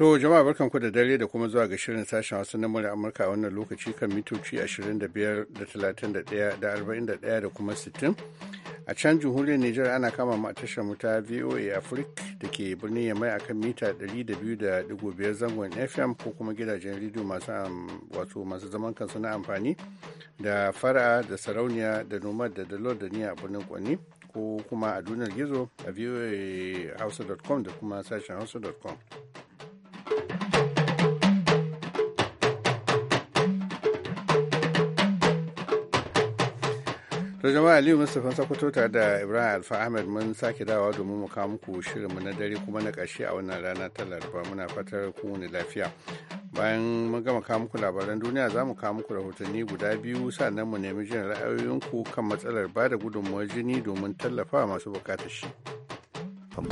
To jama'a barkan ku da dare da kuma zuwa ga shirin sashen wasu na murya Amurka a wannan lokaci kan mitoci 25 da 31 da 41 da kuma 60. A can jamhuriyar Nijar ana kama ma a tashar mu ta VOA Africa da ke birnin Yamai akan mita 200.5 zangon FM ko kuma gidajen rediyo masu wato masu zaman kansu na amfani da fara da sarauniya da noma da dalol da niya a birnin Kwani ko kuma a dunar gizo a voahausa.com da kuma sashen hausa.com. jama'a aliyu mustapha sokoto tare da ibrahim alfa ahmed mun sake dawa domin mu kawo muku shirin na dare kuma na ƙarshe a wannan rana ta laraba muna fatar ku ne lafiya bayan mun gama kawo muku labaran duniya za mu kawo muku rahotanni guda biyu sannan mu nemi jin ra'ayoyinku kan matsalar ba da gudunmuwar jini domin tallafa masu bukatar shi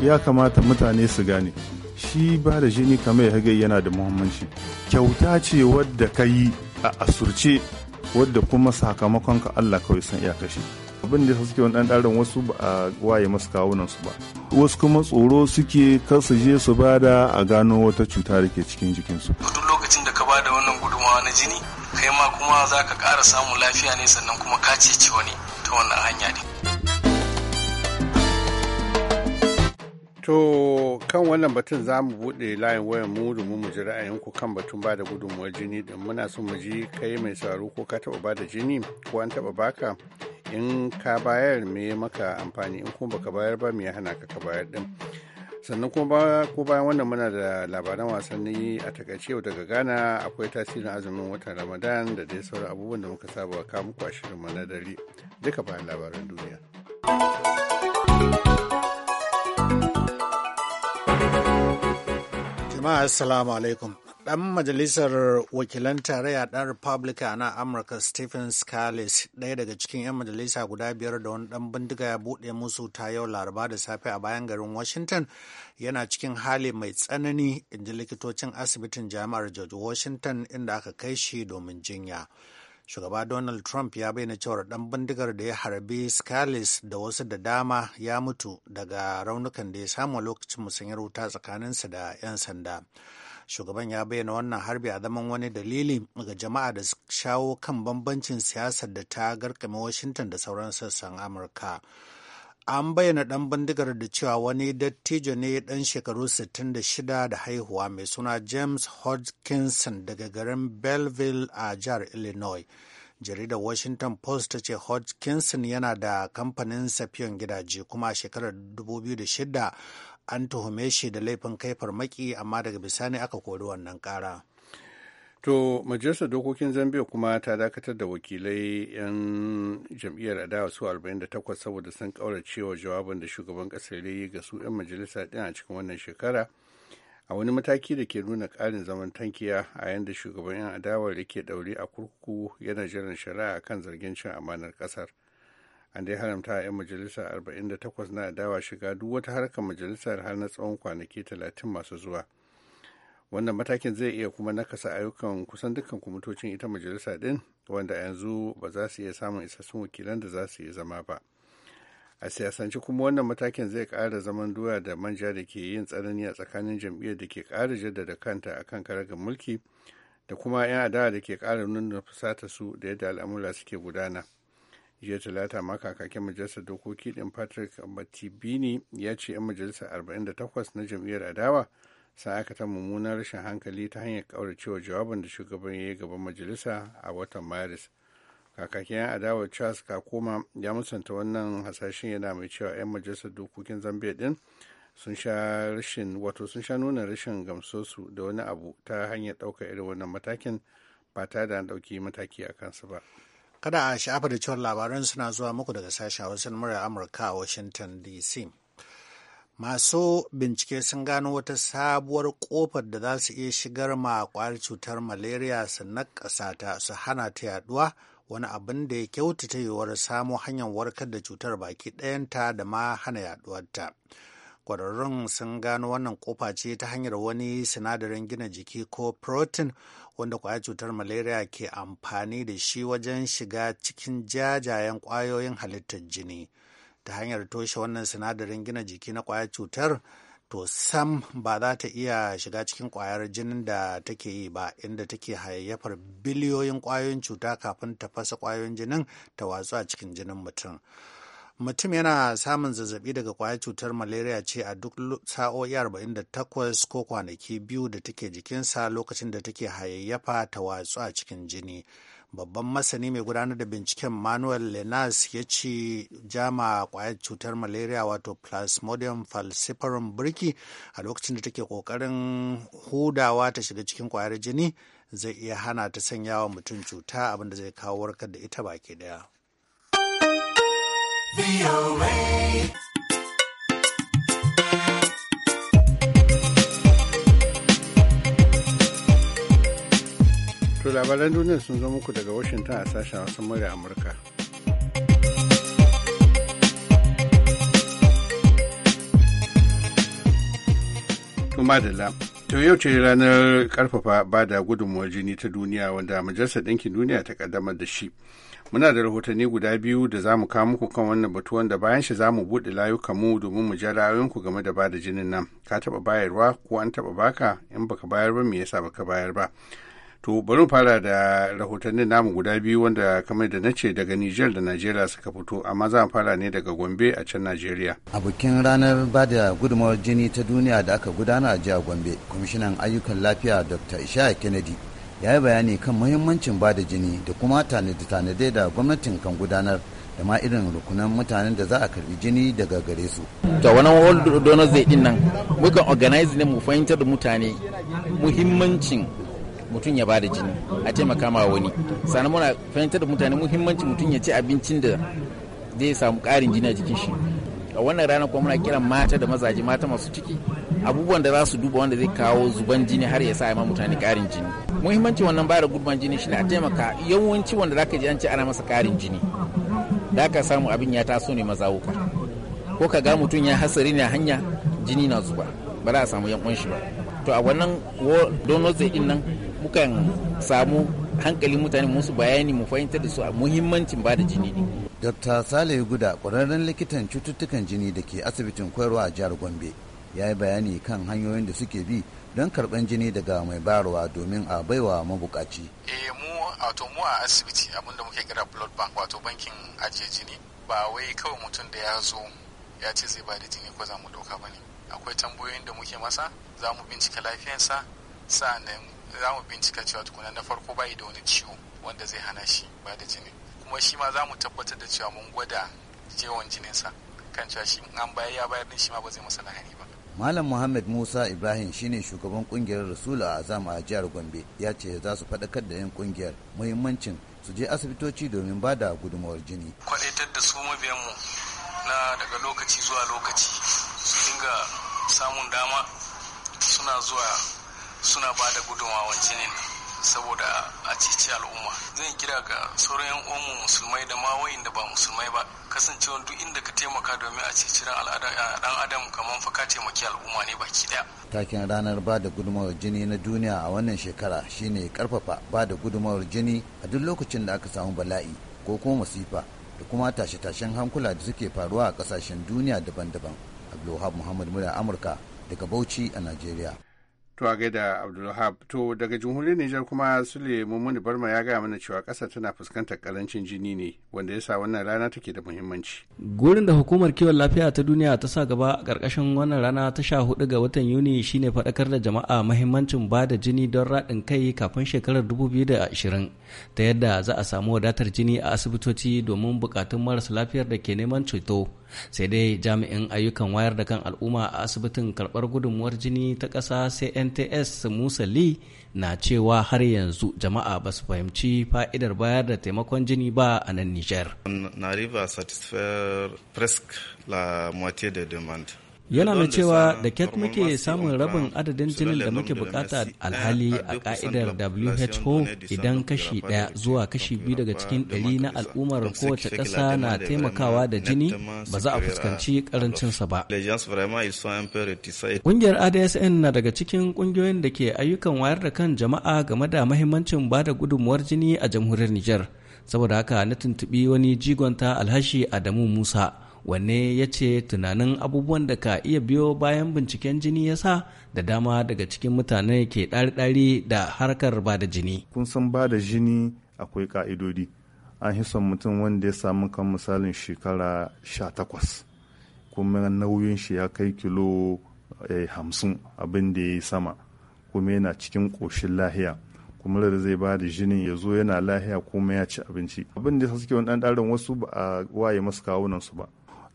ya kamata mutane su gane shi ba da jini kamar ya hage yana da muhimmanci kyauta ce wadda ka yi a asurce wadda kuma sakamakon ka Allah kawai san iya kashe abin da suke wani ɗan wasu ba a waye masu nan su ba wasu kuma tsoro suke kar su je su bada a gano wata cuta da ke cikin jikinsu duk lokacin da ka ba da wannan gudunmawa na jini kai ma kuma za ka ƙara samun lafiya ne sannan kuma ka ceci wani ta wannan hanya ne To kan wannan batun za mu buɗe layin wayan mu domin mu ji ra'ayinku kan batun ba da gudunmuwar jini din muna son mu ji kai mai saro ko ka taɓa bada jini ko an taɓa baka in ka bayar me maka amfani in kuma baka bayar ba me ya hana ka ka bayar din. sannan kuma ko bayan wannan muna da labaran wasanni a takaice daga ghana akwai tasirin azumin watan ramadan da dai sauran abubuwan da muka saba kawo muku a shirin na dare duka bayan labaran duniya. jama'a assalamu alaikum dan majalisar wakilan tarayya dan republica na amurka stephen scales ɗaya daga cikin 'yan majalisa guda biyar da wani dan bindiga ya buɗe musu ta yau laraba da safe a bayan garin washington yana cikin hali mai tsanani in ji likitocin asibitin jami'ar george washington inda aka kai shi domin jinya. shugaba donald trump ya bayyana cewar dan bindigar da ya harbi scales da wasu da dama ya mutu daga raunukan da ya samu lokacin musanyar wuta tsakaninsa da 'yan sanda shugaban ya bayyana wannan harbi a zaman wani dalili ga jama'a da shawo kan bambancin siyasar da ta garkame washington da sauran sassan amurka an bayyana ɗan bindigar da cewa wani dattijo ne ɗan shekaru 66 da haihuwa mai suna james hodgkinson daga garin belleville a jihar illinois jaridar washington post ta ce hodgkinson yana da kamfanin safiyan gidaje kuma a shekarar 2006 an tuhume shi da laifin kai farmaki amma daga bisani aka kori wannan kara. To majalisar dokokin Zambia kuma ta dakatar da wakilai 'yan jam'iyyar adawa su 48 saboda sun cewa jawabin da shugaban kasar yi ga su 'yan majalisa din a cikin wannan shekara a wani mataki da ke nuna ƙarin zaman tankiya a yanda shugaban 'yan adawar da ke ɗaure a kurkuku yana jiran shari'a kan zargin cin amanar kasar an dai haramta a 'yan majalisa 48 na adawa shiga duk wata harkar majalisar har na tsawon kwanaki 30 masu zuwa. wannan matakin zai iya kuma nakasa ayyukan kusan dukkan kwamitocin ita majalisa din wanda yanzu ba za su iya samun isassun wakilan da za su yi zama ba a siyasance kuma wannan matakin zai kara zaman doya da manja da ke yin tsanani a tsakanin jam'iyyar da ke ƙara jaddada kanta a kan karagar mulki da kuma 'yan adawa da ke ƙara nuna fusata su da yadda al'amura suke gudana jiya talata ma kakakin majalisar dokoki din patrick matibini ya ce 'yan majalisar 48 na jam'iyyar adawa sa aikata mummunar rashin hankali ta hanyar kauracewa jawabin da shugaban ya yi gaban majalisa a watan maris kakakin adawa charles kakoma ya musanta wannan hasashen yana mai cewa 'yan majalisar dokokin zambia din sun sha rashin wato sun sha nuna rashin gamsosu da wani abu ta hanyar ɗaukar irin wannan matakin ba ta da ɗauki mataki a kansu ba kada a sha'afa da cewar labaran suna zuwa muku daga sashen hausa murar amurka a washington dc masu bincike sun gano wata sabuwar kofar da za su iya shigar ma kwayar cutar malaria su nakasa ta su hana ta yaduwa wani abin da ya kyautata yiwuwar samo hanyar warkar da cutar baki ɗayanta da ma hana yaduwarta kwararrun sun gano wannan kofa ce ta hanyar wani sinadarin gina jiki ko protein wanda kwayar cutar malaria ke amfani da shi wajen shiga cikin jajayen kwayoyin halittar jini ta hanyar toshe wannan sinadarin gina jiki na kwayar cutar to sam ba za ta iya shiga cikin kwayar jinin da take yi ba inda take hayayyafar biliyoyin kwayoyin cuta kafin ta fasa kwayoyin jinin ta watsu a cikin jinin mutum mutum yana samun zazzabi daga kwayar cutar malaria ce a duk sa'o'i 48 ko kwanaki biyu da take jikinsa lokacin da take hayayyafa ta watsu a cikin jini babban masani mai gudanar da binciken manuel lenas ya ce jama kwayar cutar malaria wato plasmodium falciparum birki a lokacin da take kokarin hudawa ta shiga cikin kwayar jini zai iya hana ta sanya wa mutum cuta abinda zai kawo warkar da ita baki daya. To labaran duniya sun zo muku daga Washington a sashen wasan murya Amurka. Madalla. To yau ce ranar karfafa ba da gudunmuwar jini ta duniya wanda Majalisar Ɗinkin Duniya ta kaddamar da shi. Muna da rahotanni guda biyu da za mu kawo muku kan wannan batu wanda bayan shi za mu buɗe mu domin mu ja ra'ayoyinku game da bada jinin nan. Ka taɓa bayarwa ko an taɓa baka in baka bayar ba me yasa baka bayar ba. To bari fara da rahotannin namu guda biyu wanda kamar da na ce daga Nijar da Najeriya suka fito amma za fara ne daga Gombe a can Najeriya. A bikin ranar bada da gudunmawar jini ta duniya da aka gudana a jihar Gombe, kwamishinan ayyukan lafiya Dr. Ishaya Kennedy ya yi bayani kan muhimmancin bada jini da kuma tanade-tanade da gwamnatin kan gudanar da ma irin rukunan mutanen da za a karbi jini daga gare su. Ta wani World Donors Day din nan mukan organize ne mu fahimtar da mutane muhimmancin mutum ya bada jini a taimaka ma wani sannan muna fahimtar da mutane muhimmanci mutum ya ci abincin da zai samu karin jini a jikin shi a wannan rana kuma muna kiran mata da mazaje mata masu ciki abubuwan da za su duba wanda zai kawo zuban jini har ya sa ma mutane karin jini muhimmanci wannan ba da gudban jini shine a taimaka yawanci wanda zaka ji an ce ana masa karin jini da ka samu abin ya taso ne mazawuka ko ka ga mutum ya hasari ne hanya jini na zuba ba za a samu yan shi ba to a wannan donors din nan kukan samu hankali mutane musu bayani mu fahimtar da su a muhimmancin bada jini ne. Dr. Saleh Guda ƙwararren likitan cututtukan jini da ke asibitin koyarwa a jihar Gombe ya yi bayani kan hanyoyin da suke bi don karɓan jini daga mai bayarwa domin a baiwa mabuƙaci. Eh mu wato mu a asibiti abinda muke kira blood bank wato bankin ajiye jini ba wai kawai mutum da ya zo ya ce zai bada jini ko za mu ɗauka ba ne. Akwai tambayoyin da muke masa za mu bincika lafiyarsa sa'annan za mu bincika cewa tukuna na farko bai da wani ciwo wanda zai hana shi ba da jini kuma shi ma za mu tabbatar da cewa mun gwada jewan jininsa kan cewa shi an bayar ya bayar din shi ma ba zai masa lahani ba Malam Muhammad Musa Ibrahim shine shugaban kungiyar rasulu a Azam a jihar Gombe ya ce za su faɗakar da 'yan kungiyar muhimmancin su je asibitoci domin ba da gudunmawar jini. Kwadaitar da su mabiyanmu na daga lokaci zuwa lokaci su dinga samun dama suna zuwa suna ba da gudunmawan jinin saboda a cici al'umma zan kira ga sauran omu musulmai da ma da ba musulmai ba kasancewa duk inda ka taimaka domin a cici ran dan adam kamar fa ka taimaki al'umma ne baki daya takin ranar ba da gudunmawar jini na duniya a wannan shekara shine karfafa ba da gudunmawar jini a duk lokacin da aka samu bala'i ko kuma masifa da kuma tashe-tashen hankula da suke faruwa a kasashen duniya daban-daban abdulwahab muhammad muna amurka daga bauchi a nigeria. to a gaida abdulhab to daga jamhuriyar nijar kuma sule mummuni barma ya gaya mana cewa ƙasa tana fuskantar karancin jini ne wanda ya sa wannan rana take da muhimmanci gurin da hukumar kiwon lafiya ta duniya ta sa gaba a ƙarƙashin wannan rana ta sha hudu ga watan yuni shine faɗakar da jama'a mahimmancin ba da jini don raɗin kai kafin shekarar 2020 ta yadda za a samu wadatar jini a asibitoci domin buƙatun marasa lafiyar da ke neman ceto sai dai jami'in ayyukan wayar da kan al'umma a asibitin karɓar gudunmuwar jini ta ƙasa cn nts musali na cewa har yanzu jama'a ba su fahimci fa'idar bayar da taimakon jini ba a nan niger na à satisfaire presque la moitié de demande. yana mai cewa da ket muke samun rabin adadin jinin da muke bukata alhali a ka'idar who idan kashi daya zuwa kashi biyu daga cikin dari na al'ummar kowace ƙasa na taimakawa da jini ba za a fuskanci karancinsa ba ƙungiyar adsn na daga cikin ƙungiyoyin da ke ayyukan wayar da kan jama'a game da mahimmancin ba da gudunmuwar jini a jamhuriyar niger saboda haka na tuntubi wani jigonta alhashi adamu musa wanne ya ce tunanin abubuwan da ka iya biyo bayan binciken jini ya sa da dama daga cikin mutane ke ɗari-ɗari da harkar ba da jini. Kun san ba da jini akwai ka'idodi An hison mutum wanda ya samu kan misalin shekara sha takwas. Kuma nauyin shi ya kai kilo eh, hamsin abin da ya yi sama kuma yana cikin ƙoshin lahiya kuma da zai ba da jini ya zo yana lahiya kuma ya ci abinci abin da suke wani ɗan ɗarin wasu ba a waye masu kawunan su ba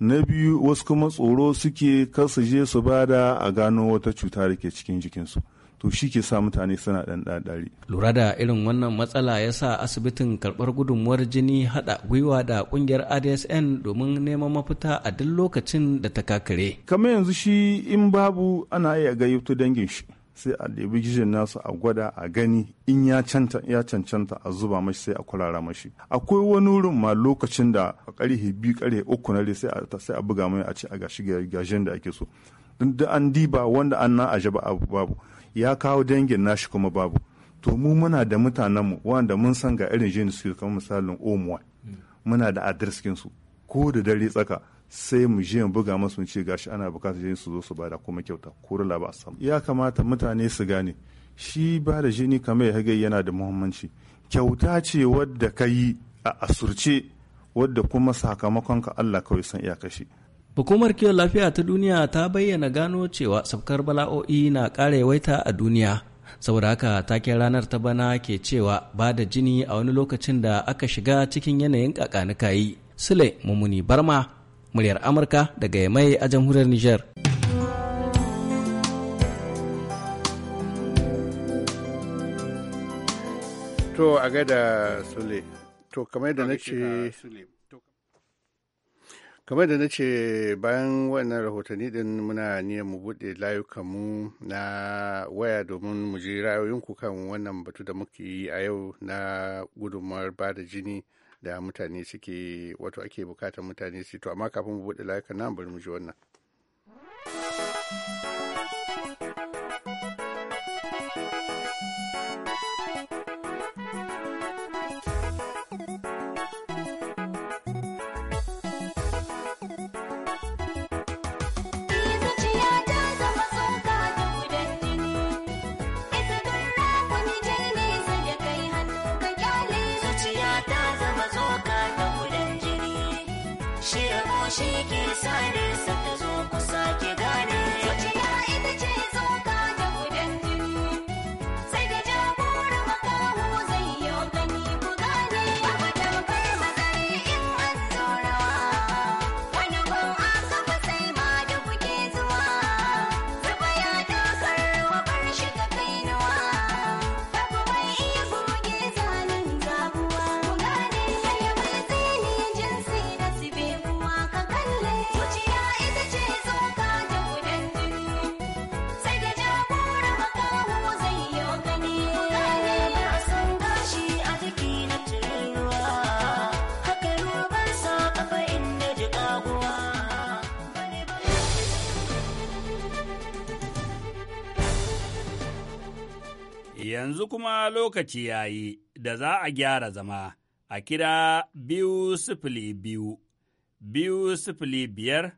na biyu wasu kuma tsoro suke kar su je su bada a gano wata cuta da ke cikin jikinsu to shi ke sa mutane suna dan ɗaɗari. Lura da irin wannan matsala ya sa asibitin karɓar gudunmuwar jini haɗa gwiwa da ƙungiyar ADSN domin neman mafita a duk lokacin da ta kakare. Kamar yanzu shi in babu ana iya gayyato dangin shi. sai a ɗebi gishin nasu a gwada a gani in ya cancanta a zuba mashi sai a kwarara mashi akwai wani wurin ma lokacin da a karhe biyu karhe uku na sai sai a buga mai a ce a gashi gajen da ake so da an diba wanda an na aje babu ya kawo dangin nashi kuma babu to mu muna da mutanen mu wanda mun san ga irin jini su kamar misalin omuwa hmm. muna da adreskin su ko da dare tsaka sai mu je mu buga masu ce gashi ana bukatar jini su zo su bada kuma kyauta ko rula ba a samu ya kamata mutane su gane shi ba da jini kamar ya hage yana da muhimmanci kyauta ce wadda ka yi a asurce wadda kuma sakamakon ka Allah kawai san iya kashi Hukumar kiwon lafiya ta duniya ta bayyana gano cewa sabkar bala'o'i na ƙara yawaita a duniya saboda haka taken ranar ta bana ke cewa ba da jini a wani lokacin da aka shiga cikin yanayin kakanikayi yi sule mummuni barma muryar Amurka daga Yamai a jamhuriyar Nijar. To a gaida Sule, to kamar da na ce kamar da na ce bayan wannan rahotanni din muna niyan mu buɗe layukanmu na waya domin mu ji ra'ayoyinku kan wannan batu da muke yi a yau na gudunmawar ba da jini da mutane suke wato ake bukatar mutane su to amma kafin mu buɗe layukan nan bari mu ji wannan. yanzu kuma lokaci ya yi da za a gyara zama a kira biyu sifili biyu, biyu sifili biyar,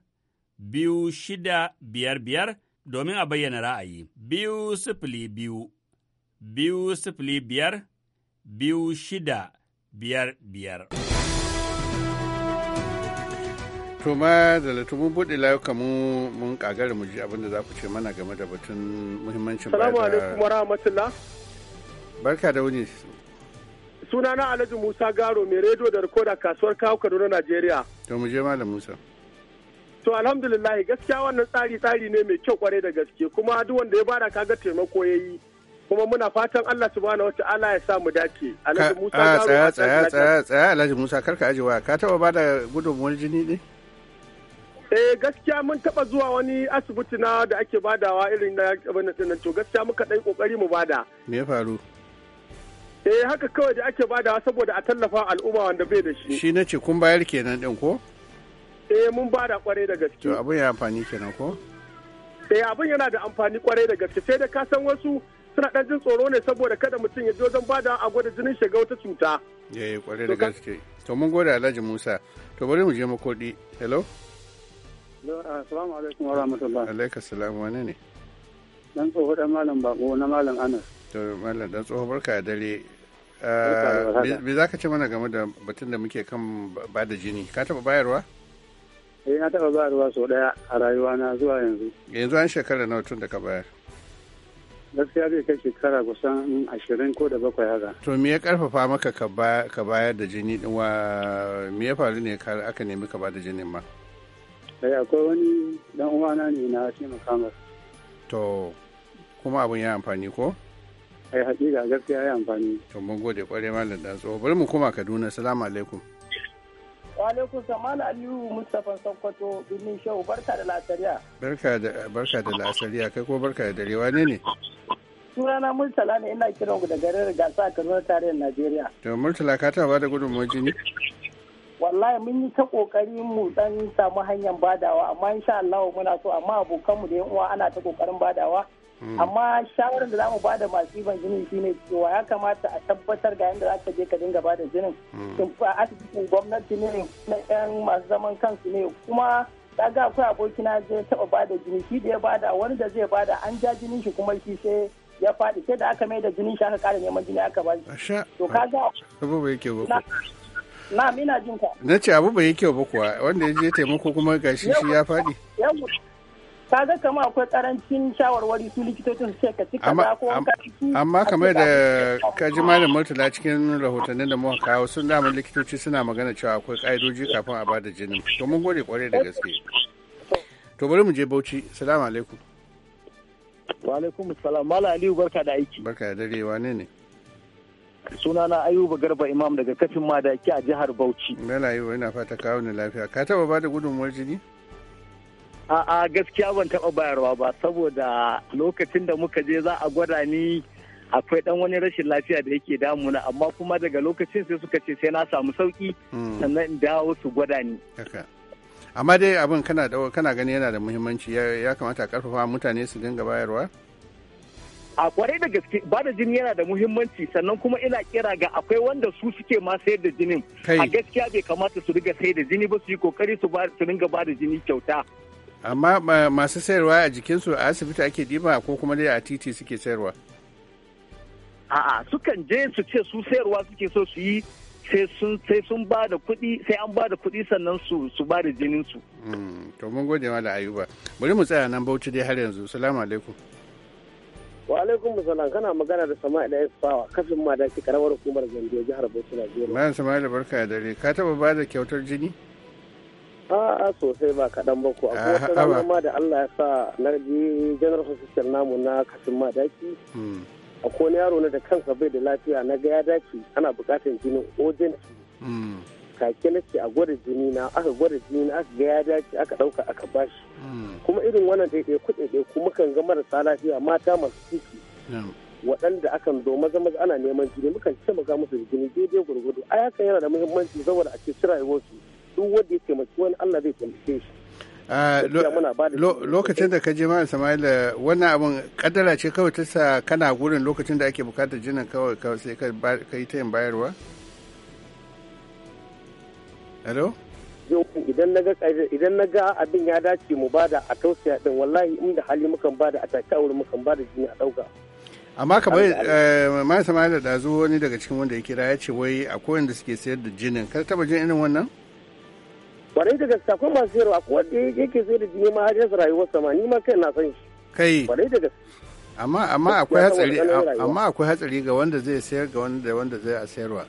biyu shida biyar biyar domin a bayyana ra'ayi, biyu sifili biyu, biyu sifili biyar, biyu shida biyar biyar. tuma da latu buɗe layuka mu mun kagara mu ji abin da za ku ce mana game da batun muhimmancin ba da... Salamu alaikum wa rahmatullah. Barka da wuni. Suna na Alhaji Musa Garo mai rediyo da rikoda kasuwar kawo Kaduna Najeriya. To mu je Malam Musa. To alhamdulillah gaskiya wannan tsari tsari ne mai kyau kwarai da gaske kuma duk wanda ya bada kaga taimako yayi. kuma muna fatan Allah subhanahu wata'ala ya mu dace Alhaji Musa Garo tsaya tsaya tsaya tsaya Alhaji Musa karka ajewa ka taba bada gudunmuwar jini ne eh gaskiya mun taba zuwa wani asibiti na da ake badawa irin na to gaskiya muka dai kokari mu bada me ya faru eh haka kawai da ake bada saboda a tallafa al'umma wanda bai da shi shi na ce kun bayar kenan din ko eh mun bada kwarai da gaske to abin ya amfani kenan ko eh abin yana da amfani kwarai da gaske sai da ka san wasu suna dan jin tsoro ne saboda kada mutum ya zo zan bada a gwada jinin shiga wata cuta eh kwarai da gaske to mun gode Alhaji Musa to bari mu je makodi hello Assalamu alaikum wa rahmatullah. Alaikum salam wane ne? Dan tsoho dan malam bako na malam Anas. To malam dan tsoho barka da dare me za ka ce mana game da batun da muke kan ba da jini ka taba bayarwa eh na taba bayarwa sau daya a rayuwa na zuwa yanzu yanzu an shekara nawa tun da ka bayar gaskiya zai kai shekara kusan ashirin ko da bakwai haka to me ya karfafa maka ka bayar da jini din wa me ya faru ne ka aka nemi ka ba da jinin ma eh akwai wani dan uwana ne na taimaka masa to kuma abin ya amfani ko ai hakika gaskiya ya amfani to mun gode kwarai malam da tsoho bari mu koma Kaduna salamu alaikum wa alaikum salamu aliyu mustapha sokoto birnin shehu barka da lasariya barka da barka da lasariya kai ko barka da dare wane ne sunana murtala ne ina kiran ku da garin gasa a Kaduna tarihin Najeriya to murtala ka taɓa bada gudunmawar jini wallahi mun yi ta kokarin mu dan samu hanyar badawa amma insha Allah muna so amma abokan mu da yan uwa ana ta kokarin badawa Mm. amma shawarar da zamu bada masu ban jini shine cewa ya kamata a tabbatar ga yadda ka je ka dinga bada jinin tun mm. fa asibitin gwamnati ne na yan masu zaman kansu ne kuma ta ga akwai abokina zai taba bada jini shi da ya bada wani da zai bada an ja jinin shi kuma shi sai ya faɗi sai da aka mai da jinin shi aka kara neman jini aka ba shi to kaga abu bai yake ba na mina jinka na ce abu bai kyau ba kuwa wanda ya je taimako kuma gashi shi ya faɗi kaga kama akwai karancin shawarwari su likitocin su ka ci kaza ko amma kamar da ji malam murtala cikin rahotannin da muka kawo sun damar likitoci suna magana cewa akwai ka'idoji kafin a bada jinin to mun gode kwarai da gaske to bari mu je bauchi salamu alaikum wa alaikum salam malam aliyu barka da aiki barka da dare wane ne sunana ayuba garba imam daga kafin madaki a jihar bauchi mala ayuba ina fata kawo ni lafiya ka taba bada gudunmuwar jini A'a gaskiya ban taɓa bayarwa ba saboda lokacin da muka je za a gwada ni akwai dan wani rashin lafiya da yake damuna amma kuma daga lokacin sai suka ce sai na samu sauki hmm. sannan in dawo su gwada ni. Amma dai abin kana kana gani yana da muhimmanci ya kamata a karfafa mutane su dinga bayarwa? a kwarai da gaske ba da jini yana da muhimmanci sannan kuma ina kira ga akwai wanda su suke ma sayar da jinin a gaskiya bai kamata su riga sayar da jini ba su yi kokari su dinga ba da jini kyauta amma masu sayarwa a jikinsu a asibiti ake diba ko kuma dai a titi suke sayarwa a'a sukan je su ce su sayarwa suke so su yi sai sun ba da kuɗi sai an ba da kuɗi sannan su su ba da jinin su hmm, to mun gode da ayuba bari mu tsaya nan bauchi dai har yanzu salamu alaikum wa alaikum musalam kana magana da sama'il da fawa kafin ma da karamar hukumar gombe jihar bauchi najeriya ma'an sama'il barka da dare ka taba ba da kyautar jini A'a sosai ba kaɗan ba ko akwai wata rana ma da Allah ya sa na je general hospital namu na kasin A hmm. Akwai wani yaro na da kansa bai da lafiya na ga ya dace ana buƙatar jinin urgent. kake hmm. na ce a gwada jini na aka gwada jini na aka ga ya aka ɗauka aka bashi hmm. kuma irin wannan ɗaiɗai kuɗi ɗai kuma kan ga marasa lafiya mata masu ciki waɗanda akan zo maza maza ana neman jini mukan ce maka musu jini daidai gwargwado a yakan yana da muhimmanci saboda a ce rayuwarsu duk wanda ya taimaki wani Allah zai taimake shi ah, lokacin da ka je ma Sama'ila eh, wannan abin kadara ce kawai ta sa kana gurin lokacin da ake bukatar jinin kawai kawai sai ka yi ta yin bayarwa? Hello? idan na ga idan na ga abin ya dace mu bada a tausaya din wallahi inda hali mukan bada a take aure mukan bada jini a dauka amma ka bai eh, ma Sama'ila da zuwa wani daga cikin wanda ya kira ya ce wai akwai wanda suke sayar da jinin ka taba jin irin wannan? bare da gaske akwai masu sayarwa ko wanda yake sayar da jini ma har yasa rayuwar sama ni ma kai na san shi. Kai. bare da gaske. Amma amma akwai hatsari amma akwai hatsari ga wanda zai sayar ga wanda wanda zai a sayarwa.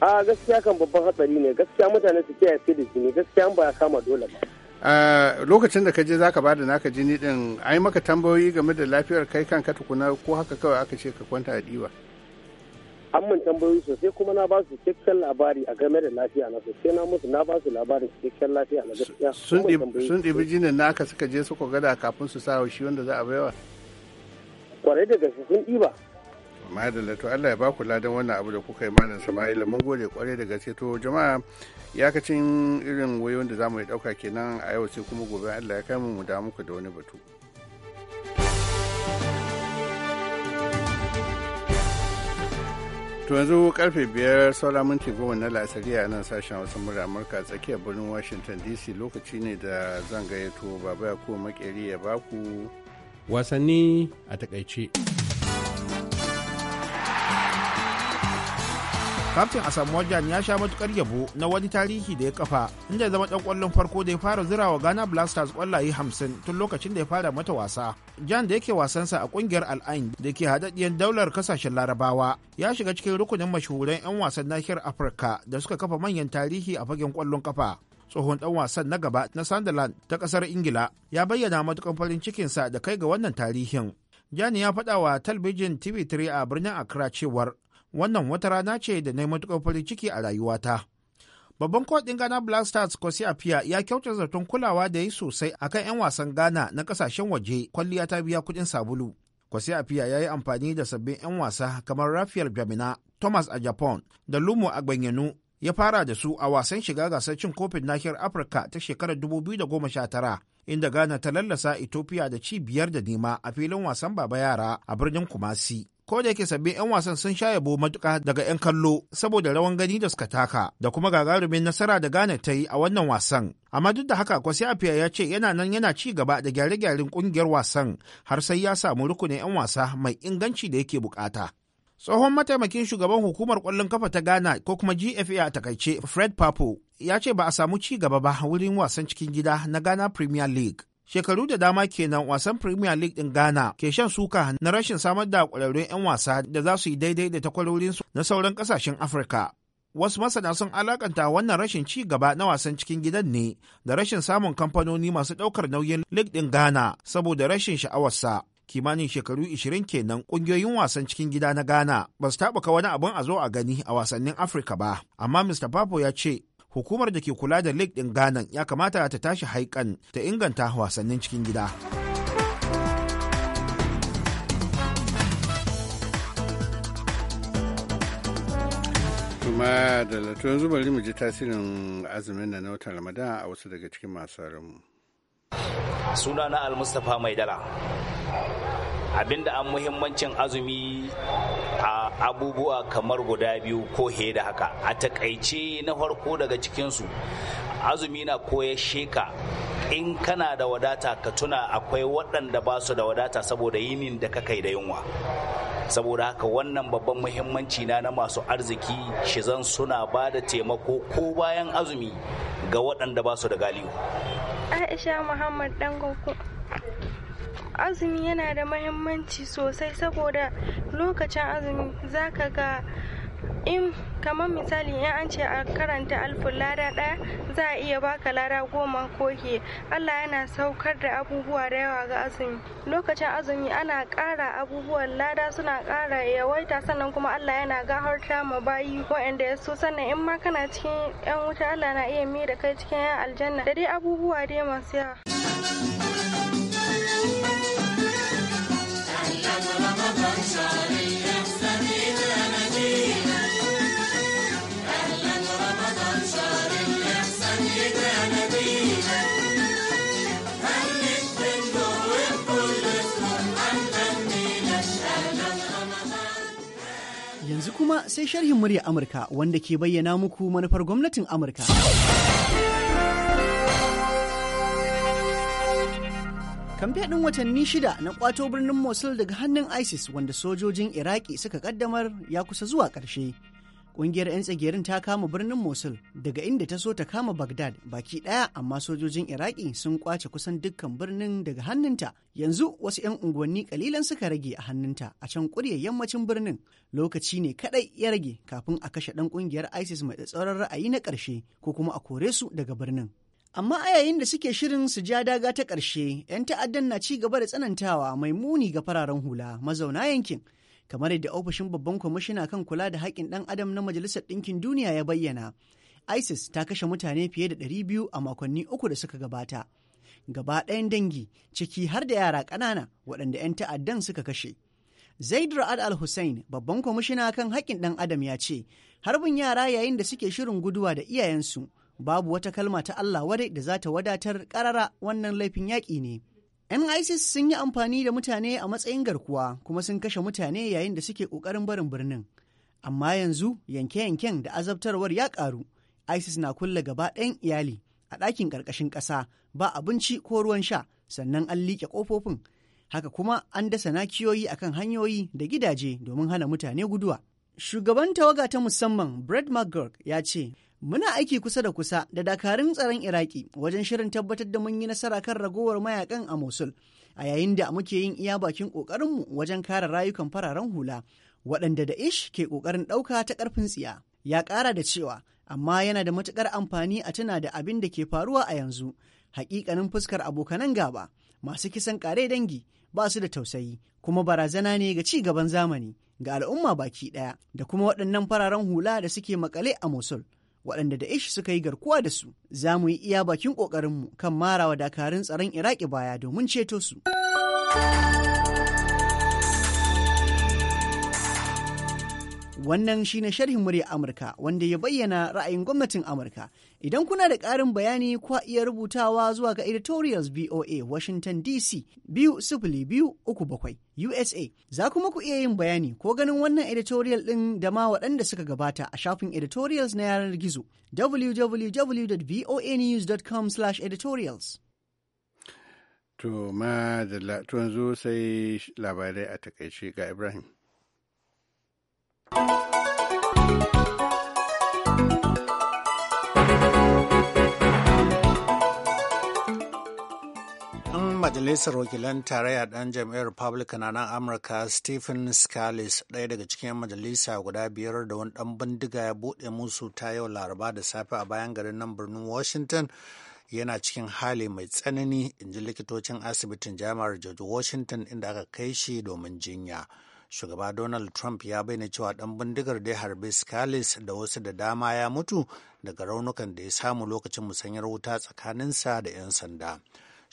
A gaskiya kan babban hatsari ne gaskiya mutane su kiyaye sayar da jini gaskiya ba ya kama dole ba. lokacin da ka je zaka da naka jini din ai maka tambayoyi game da lafiyar kai kanka tukuna ko haka kawai aka ce ka kwanta a diba. an mun tambayoyi sosai kuma na ba su cikakken labari a game da lafiya na sosai na musu na ba su labarin cikakken lafiya na gaskiya sun ɗibi jinin naka suka je suka gada kafin su sa shi wanda za a baiwa kwarai da gaske sun ɗiba madalla to Allah ya ba ku ladan wannan abu da kuka yi malam Sama'ila mun gode kwarai da gaske to jama'a yakacin irin wayoyin da zamu yi dauka kenan a yau sai kuma gobe Allah ya kai mu mu da muku da wani batu To yanzu karfe biyar saura minti goma na la'asari a nan sashen wasu murar Amurka tsakiyar birnin Washington DC lokaci ne da zan gayyato baba ya ko makeri ya baku wasanni a takaice. kaftin jan ya sha matukar yabo na wani tarihi da ya kafa inda ya zama dan kwallon farko da ya fara zira wa ghana blasters kwallaye 50 tun lokacin da ya fara mata wasa jan da yake wasansa a kungiyar al'ain da ke hadaddiyar daular kasashen larabawa ya shiga cikin rukunin mashahuran 'yan wasan nahiyar afirka da suka kafa manyan tarihi a fagen kwallon kafa tsohon dan wasan na gaba na sunderland ta kasar ingila ya bayyana matukan farin cikin sa da kai ga wannan tarihin jani ya faɗa wa talbijin tv3 a birnin accra cewar wannan wata rana ce da na yi matuƙar farin ciki a rayuwata. Babban kodin Ghana Black Stars Kwasi Apia ya kyauta zaton kulawa da yi sosai a kan 'yan wasan Ghana na kasashen waje kwalliya ta biya kuɗin sabulu. Kwasi Apia ya yi amfani da sabbin 'yan wasa kamar Rafael Jamina, Thomas a Japan da Lumo a Gbanyenu ya fara da su a wasan shiga gasar cin kofin nahiyar Afirka ta shekarar 2019. Inda Ghana ta lallasa Ethiopia da ci biyar da nema a filin wasan baba yara a birnin Kumasi. ko da yake sabbin 'yan wasan sun sha yabo matuka daga 'yan kallo saboda rawan gani da suka taka da kuma gagarumin nasara da Ghana ta yi a wannan wasan. Amma duk da haka Kwasi Apia ya ce yana nan yana ci gaba da gyare-gyaren kungiyar wasan har sai ya samu rukunin 'yan wasa mai inganci da yake bukata. tsohon mataimakin shugaban hukumar kwallon kafa ta ghana ko kuma gfa a takaice fred papo ya ce ba a samu ci gaba ba wurin wasan cikin gida na ghana premier league Shekaru da dama kenan wasan Premier League ɗin Ghana ke shan suka na rashin samar da ƙwararrun 'yan wasa da za su yi daidai da su na sauran ƙasashen Afirka. Wasu masana sun alakanta wannan rashin ci gaba na wasan cikin gidan ne da rashin samun kamfanoni masu ɗaukar nauyin League ɗin Ghana saboda rashin sha'awarsa. kimanin shekaru 20 kenan kungiyoyin wasan cikin gida na Ghana ba su taɓuka wani abin a zo a gani a wasannin Afirka ba. Amma Mr. Papo ya ce hukumar da ke kula da lake ɗin Ghana ya kamata ta tashi haikan ta inganta wasannin cikin gida. kuma da yanzu bari mu ji tasirin azumin na wata ramadan a wasu daga cikin masu sunana al-mustapha maidala abinda an muhimmancin azumi a abubuwa kamar guda biyu ko he da haka a takaice na farko daga cikinsu azumi na koya sheka in kana da wadata ka tuna akwai waɗanda ba su da wadata saboda yinin da kakai da yunwa saboda haka wannan babban muhimmanci na na masu arziki shi zan suna ba da taimako ko bayan azumi ga waɗanda ba su da galihu aisha muhammad azumi yana da mahimmanci sosai saboda lokacin azumi za ka ga in kamar misali in an ce a karanta alfin lada ɗaya za a iya baka lada goma ko ke allah yana saukar da abubuwa da yawa ga azumi lokacin azumi ana ƙara abubuwan lada suna ƙara yawaita sannan kuma allah yana gaharta ma bayi waɗanda ya so sannan in ma kana cikin yan wuta allah na iya mi da kai cikin yan aljanna da dai abubuwa dai masu yawa sai sharhin murya Amurka wanda ke bayyana muku manufar gwamnatin Amurka. Kamfe watanni shida na ƙwato birnin Mosul daga hannun ISIS wanda sojojin Iraki suka ƙaddamar ya kusa zuwa ƙarshe. Ƙungiyar 'yan tsagerin ta kama birnin Mosul daga inda ta so ta kama Baghdad baki ɗaya amma sojojin Iraki sun kwace kusan dukkan birnin daga hannunta. Yanzu wasu 'yan unguwanni kalilan suka rage a hannunta a can ƙuryar yammacin birnin. Lokaci ne kaɗai ya rage kafin a kashe ɗan ƙungiyar ISIS mai tsatsauran ra'ayi na ƙarshe ko kuma a kore su daga birnin. amma a yayin da suke shirin su ja daga ta ƙarshe 'yan ta'addan na ci gaba da tsanantawa mai muni ga fararen hula mazauna yankin kamar yadda ofishin babban kwamishina kan kula da haƙƙin ɗan adam na majalisar ɗinkin duniya ya bayyana isis ta kashe mutane fiye da biyu a makonni uku da suka gabata gaba ɗayan dangi ciki har da yara ƙanana waɗanda 'yan ta'addan suka kashe zaid ra'ad al-hussein babban kwamishina kan haƙƙin ɗan adam ya ce harbin yara yayin da suke shirin guduwa da iyayensu babu wata kalma ta allah wadai da za ta wadatar ƙarara wannan laifin yaƙi ne 'Yan ISIS sun yi amfani da mutane a matsayin garkuwa kuma sun kashe mutane yayin da suke ƙoƙarin barin birnin. Amma yanzu yanke-yanken da azabtarwar ya ƙaru, ISIS na kulle gaba ɗayan iyali a ɗakin ƙarƙashin ƙasa ba abinci ko ruwan sha sannan an liƙe ƙofofin. Haka kuma an dasa nakiyoyi akan hanyoyi da gidaje domin hana mutane guduwa. Shugaban tawaga ta musamman Brett McGurk ya ce, Muna aiki kusa da kusa da dakarun tsaron Iraki wajen shirin tabbatar da mun yi nasara kan ragowar mayakan a Mosul, a yayin da muke yin iya bakin ƙoƙarinmu wajen kare rayukan fararen hula, waɗanda da ish ke ƙoƙarin ɗauka ta ƙarfin tsiya. Ya ƙara da cewa, amma yana da matuƙar amfani a tuna da abin da ke faruwa a yanzu, haƙiƙanin fuskar abokanan gaba, masu kisan ƙare dangi, ba su da tausayi, kuma barazana ne ga ci gaban zamani, ga al'umma baki ɗaya, da kuma waɗannan fararen hula da suke maƙale a Mosul. waɗanda da ishi suka yi garkuwa da su za mu yi iya bakin ƙoƙarinmu kan marawa dakarun tsaron iraki baya domin ceto su wannan shine sharhin murya amurka wanda ya bayyana ra'ayin gwamnatin amurka Idan kuna da ƙarin bayani kwa iya rubutawa zuwa ga editorials VOA Washington DC biyu sifili biyu uku bakwai USA. Za kuma ku iya yin bayani ko ganin wannan editorial ɗin da ma waɗanda suka gabata a shafin editorials na yanar gizo www.voanews.com/editorials. To ma da yanzu sai labarai a takaice ga Ibrahim. majalisar wakilan tarayya ɗan jam'iyyar republican a nan amurka stephen scalise ɗaya daga cikin majalisa guda biyar da wani ɗan bindiga ya buɗe musu ta yau laraba da safe a bayan garin nan birnin washington yana cikin hali mai tsanani in ji likitocin asibitin jami'ar george washington inda aka kai shi domin jinya shugaba donald trump ya bayyana cewa ɗan bindigar da ya harbi scalise da wasu da dama ya mutu daga raunukan da ya samu lokacin musanyar wuta tsakaninsa da 'yan sanda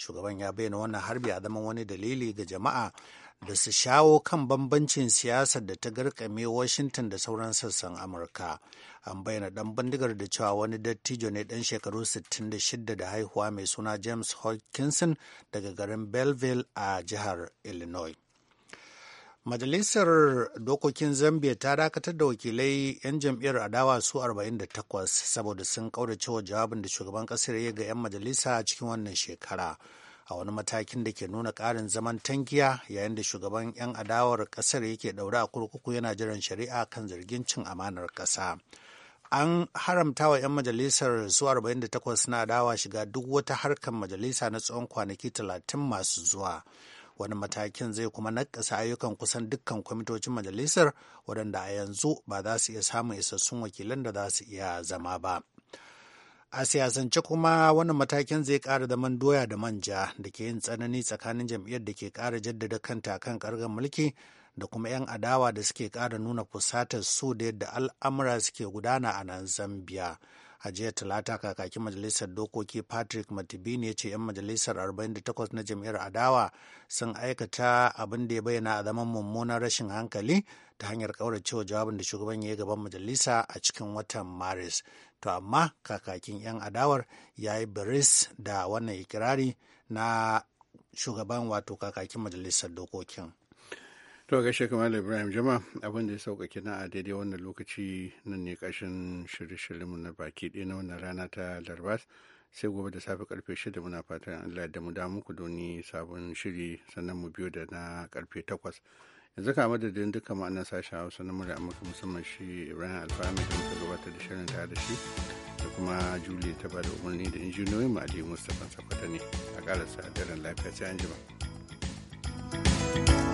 shugaban ya bayyana wannan harbi a zaman wani dalili ga jama'a da su shawo kan bambancin siyasar da ta garkame washington da sauran sassan amurka an bayyana dan bindigar da cewa wani dattijo ne dan shekaru 66 da haihuwa mai suna james hawkinson daga garin belleville a jihar illinois Majalisar Dokokin Zambia ta dakatar da wakilai 'yan jam'iyyar adawa su 48 saboda sun kauracewa jawabin da shugaban kasar ya ga 'yan majalisa cikin wannan shekara. A wani matakin da ke nuna ƙarin zaman tankiya yayin da shugaban 'yan adawar ƙasar yake ɗaure a kurkuku yana jiran shari'a kan zargin cin amanar ƙasa. An haramta wa 'yan majalisar su 48 na adawa shiga duk wata harkar majalisa na tsawon kwanaki 30 masu zuwa. wani matakin zai kuma nakasa ayyukan kusan dukkan kwamitocin majalisar waɗanda a yanzu ba za su iya samun isassun wakilan da za su iya zama ba a siyasance kuma wannan matakin zai ƙara da man doya da manja da ke yin tsanani tsakanin jam'iyyar da ke ƙara jaddada kanta kan ƙargar mulki da kuma 'yan adawa da suke ƙara nuna fusatar su da yadda al'amura suke gudana a nan zambia a jiya talata kakakin majalisar dokoki patrick matibini ya ce 'yan majalisar 48 na jam'iyyar adawa sun aikata abin da ya bayyana a zaman mummunan rashin hankali ta hanyar kauracewa jawabin da shugaban ya yi gaban majalisa a cikin watan maris to amma kakakin 'yan adawar ya yi biris da wannan ikirari na shugaban wato kakakin majalisar dokokin To gaishe kamar Ibrahim Jama abin da ya sauƙaƙe na a daidai wannan lokaci nan ne ƙarshen shirye-shiryenmu na baki ɗaya na wannan rana ta larbas sai gobe da safe karfe shida muna fatan Allah da mu da muku doni sabon shiri sannan mu biyo da na karfe takwas. yanzu kama da din duka ma'anar sashen hausa na murya amurka musamman shi ibrahim alfahmi da muka gabatar da shirin tare da shi da kuma juliya ta bada umarni da injiniyoyin ma ali mustapha sakwata ne a ƙarasa daren lafiya sai an jima.